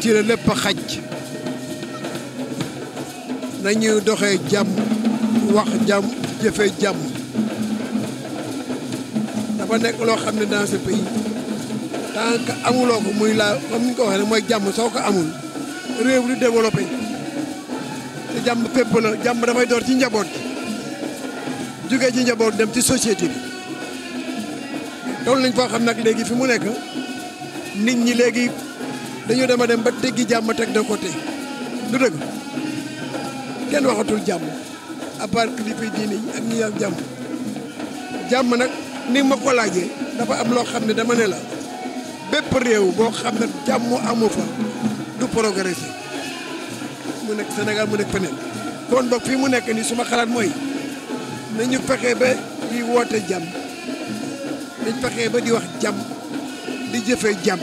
ci la lépp xaj nañu doxee jàmm wax jàmm jëfe jàmm dafa nekk loo xam ne dans ce pays tant amuloo ko muy laa mu ni ko waxee ne mooy jàmm soo ko amul réew du développé te jàmm fépp la jàmm dafay door ci njaboot jógee ci njaboot dem ci société bi toll nañ foo xam nag léegi fi mu nekk nit ñi léegi dañu dema dem ba teggi jàmm teg de côté du dëgg kenn waxatul jàmm à part kilifa diine ak ñi yàlla jàmm jàmm nag ni ma ko laajee dafa am loo xam ne dama ne la bépp réew boo xam ne jàmm amu fa du progressé mu nekk Sénégal mu nekk feneen kon donc fii mu nekk nii suma xalaat mooy nañu fexe ba di woote jàmm nañ fexe ba di wax jàmm di jëfe jàmm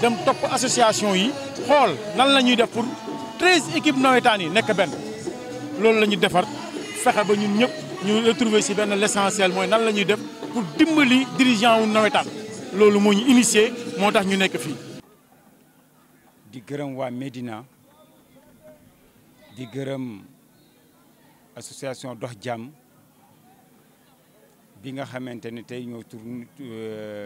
dem top association yi xol nan la def pour treize équipes nawetaan nek ben benn lañuy la ñu ba ñun ñëpp ñu retrouver ci ben l'essentiel moy nan la ñuy def pour dimbali dirigeant wu nawetaan loolu moo ñu initié moo ñu nek fi di gërëm wa medina di gërëm association Dox jam bi nga xamanteni tay tey ñoo tourne euh,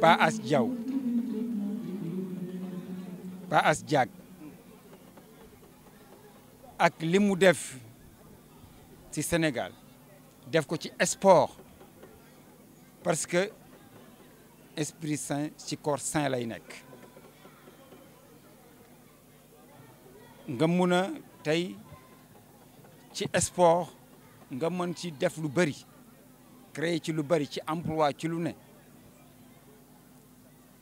Pa As Diaw Pa As Diag ak li mu def ci Sénégal def ko ci sport parce que esprit sain ci corps lay nekk nga mun a tey ci sport nga mën ci def lu bëri créer ci lu bëri ci emploi ci lu ne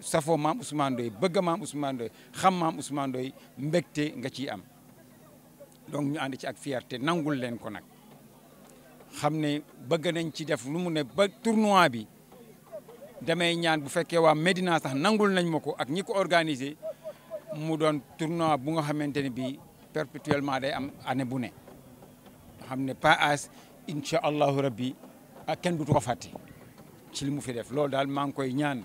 safoo maam Ousmane Ndoye bëgg maam Ousmane Ndoye xam mbégte nga ciy am donc ñu ànd ci ak fierté nangul leen ko nag xam ne bëgg nañ ci def lu mu ne ba tournoi bi damay ñaan bu fekkee waa Médina sax nangul nañ ma ko ak ñi ko organisé mu doon tournoi bu nga xamante ne bii perpétuellement day am année bu ne xam ne pas as incha allahu rabbi ak ah kenn du ko fàtte ci li mu fi def loolu daal maa ngi koy ñaan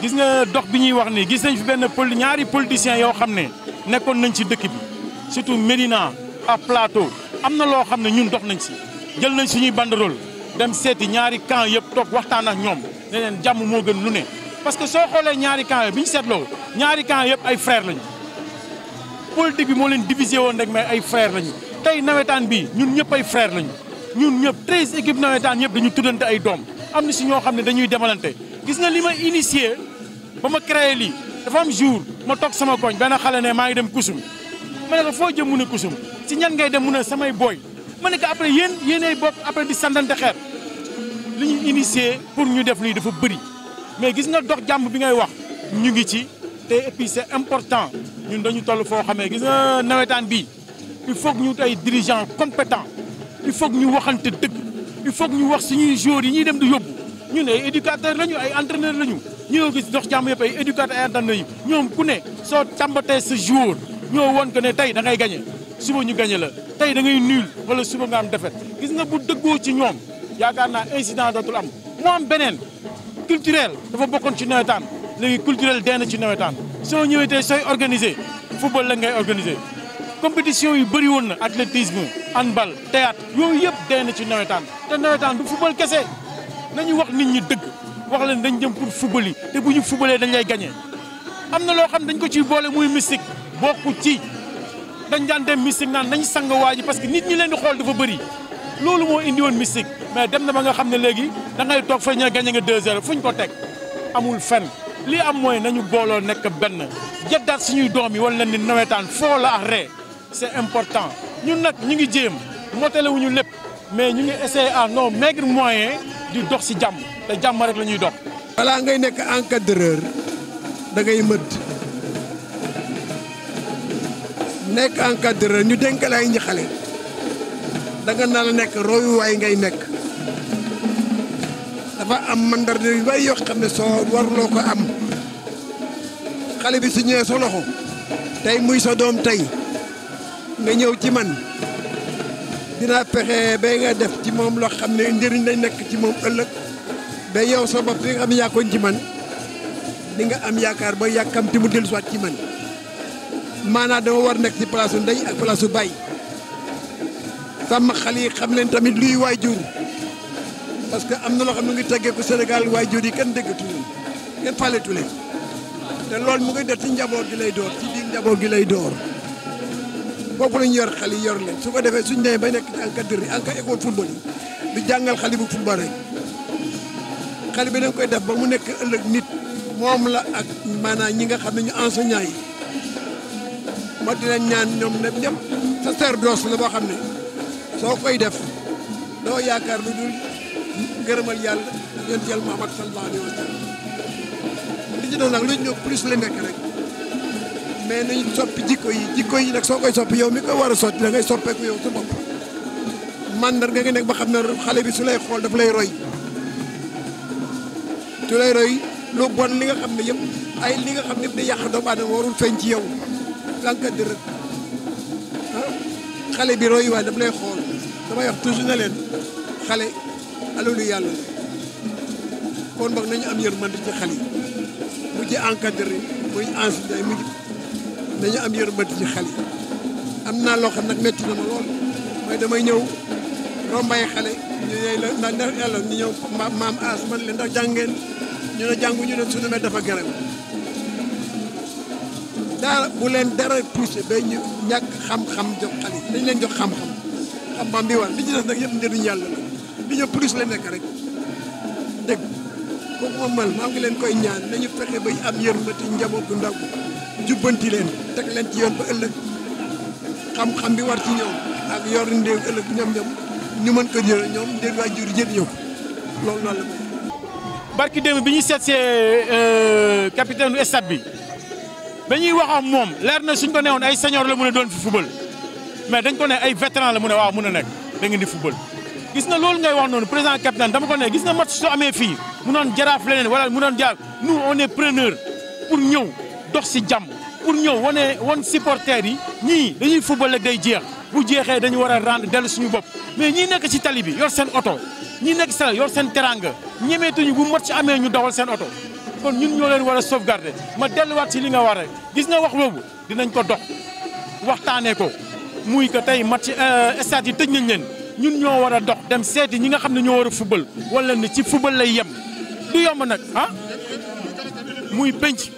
gis nga dox bi ñuy wax nii gis nañ fi benn poli ñaari politiciens yoo xam ne nekkoon nañ ci dëkk bi surtout Médina ak Plateau am na loo xam ne ñun dox nañ si jël nañ suñuy banderole dem seeti ñaari camp yëpp toog waxtaan ak ñoom ne leen jàmm moo gën lu ne parce que soo xoolee ñaari camp yooyu bi ñu seetloo ñaari camp yëpp ay frères lañu politique bi moo leen divisé woon rek mais ay frères lañu tey nawetaan bi ñun ñëpp ay frères lañu ñun ñëpp treize équipes nawetaan yëpp dañu tuddante ay doom am na si ñoo xam ne dañuy demalante gis nga li ma initié ba ma créé lii dafa am jour ma tok sama koñ ben xalé né ma ngi dem kusum ma ne ko foo jëm mun a kusum ci ñan ngay dem mun a samay boy ma ne ko après yeen yéenay bok après di sandante xéer li ñu initier pour ñu def li dafa bëri mais gis nga dox jamm bi ngay wax ñu ngi ci té et puis c'est important ñun dañu tollu fo xamé gis nga nawétan bi il faut que ñu tay dirigeant compétent il faut que ñu waxante deug il faut que ñu wax suñu jour yi ñi dem du yobbu ñu ne ay éducateur lañu ay entraîneur lañu ñu ngi gis dox jàmm yëpp ay éducateur ay entraîneur yi ñoom ku ne soo tàmbatee sa jour ñoo woon ne tey da ngay gagné suba ñu gagné la tey da ngay nul wala suba nga am défaite gis nga bu dëggoo ci ñoom yaakaar naa incident dootul am moo am beneen culturel dafa bokkoon ci nawetaan léegi culturel dee na ci nawetaan soo ñëwee tey sooy organisé football la ngay organisé compétition yi bëri woon na athlétisme handball théâtre yooyu yëpp dee na ci nawetaan te nawetaan nañu wax nit ñi dëgg wax leen dañ jëm pour football yi te bu ñu footballee dañ lay gagné. am na loo xam ne dañ ko ciy boole muy mystique bokku ci dañ daan dem mystique naan nañ sang waa ji parce que nit ñi leen di xool dafa bëri loolu moo indi woon mystique mais dem na ba nga xam ne léegi da ngay toog fa ña gagné nga 2-0 fu ñu ko teg amul fenn li am mooy nañu booloo nekk benn jëddaat suñuy doom yi wala ni nawetaan foo la ax ree c'est important ñun nag ñu ngi jéem motale wuñu lépp mais ñu ngi essayer à nos maigres moyens di dox ci jàmm te jàmm rek la ñuy balaa ngay nekk encadreur da ngay mëdd nekk ñu dénk la ay ñi xale da nga naan nekk royuwaay ngay nekk dafa am mandarga yu bari yoo xam ne soo warloo ko am xale bi su ñëwee sa loxo tey muy sa doom tey nga ñëw ci man. dinaa fexe ba nga def ci moom loo xam ne njëriñ lay nekk ci moom ëllëg ba yow sa bopp bi nga xam yaa ko ci man di nga am yaakaar ba yàkkamti mu dellusiwaat ci man maanaa dama war nekk ci place su ndey ak place su baay sama yi xam leen tamit luy waajur parce que am na loo xam mu ngi teggee ko Sénégal waajur yi kenn déggatu leen kenn fàllatu leen te loolu mu ngi def ci njaboot gi lay door ci biir njaboot gi lay door. foofu la ñu yor xale yi yor leen su ko defee suñ demee ba nekk ci encadré encadré école football yi du jàngal xale bu football rek xale bi dañ koy def ba mu nekk ëllëg nit moom la ak maanaam ñi nga xam ne ñu enseignant yi ma di ñaan ñoom ñëpp ñëpp sacerdoce la boo xam ne soo koy def doo yaakaar lu dul ngërëmal yàlla yonent yàlla Muhammad sallallahu alayhi wa sallam li nag lu ñu plus la nekk rek. mais nañ soppi jikko yi jikko yi nag soo koy soppi yow mi koy war a sotti da ngay soppeeku yow sa bopp mandar nga nga nekk ba xam ne xale bi su lay xool daf lay roy su lay roy lu bon li nga xam ne yëpp ay li nga xam ne day yàq doomu aadama warul feeñ ci yow lànkat di rek ah waaye daf lay xool dama wax toujours na leen xale alalu yàlla la kon boog nañu am yërmande ci xale yi mu ci encadré muy enseigné mu dañu am yërmande ci xale am naa loo nag metti na ma lool mooy damay ñëw rombay xale ñu ne la ndax ndax yàlla ñu ñëw maam as man leen ndax jàng ngeen ñu ne ñu ne suñu met dafa gërëm bu leen dara poussé ba ñu ñàkk xam dañ leen jox xam-xam xam-xam bi war nag yëpp njëriñ yàlla la li nekk rek dégg kooku maa ngi leen koy ñaan nañu fexe ba am yërmande ci njaboot bu ndaw jubbanti leen teg leen ci yoon ba ëllëg xam-xam bi war ci ñoom ak yor ndéew ëllëg ñom ñoom ñu mën ko jël ñoom ndéew waay jur jël ñëw loolu noonu la barki démb bi ñu seet see euh, capitaine du stade bi dañuy wax ak moom leer na suñ ko neewoon ay senior la mën a doon fi football mais dañ ko ne ay vétéran la mu ne waaw mën a nekk da ngi di football gis na loolu ngay wax noonu président capitaine dama ko ne gis na match soo amee fii mu doon jaraaf leneen wala mu doon jaar nous on pour ñëw dox si jàmm pour ñëw wane wan supporters yi ñii dañuy football ak day jeex bu jeexee dañu war a rendre dellu suñu bopp mais ñii nekk ci tali bi yor seen oto ñii nekk si yor seen teranga ñemeetuñu bu ci amee ñu doxal seen oto kon ñun ñoo leen war a sauvegarder ma delluwaat si li nga war gis nga wax boobu dinañ ko dox waxtaanee ko muy que tey mat match euh, stade yi tëj nañ leen ñun ñoo war a dox dem seeti ñi nga xam ne ñoo war a football wala ni ci football lay yem yomb nag ah muy penc.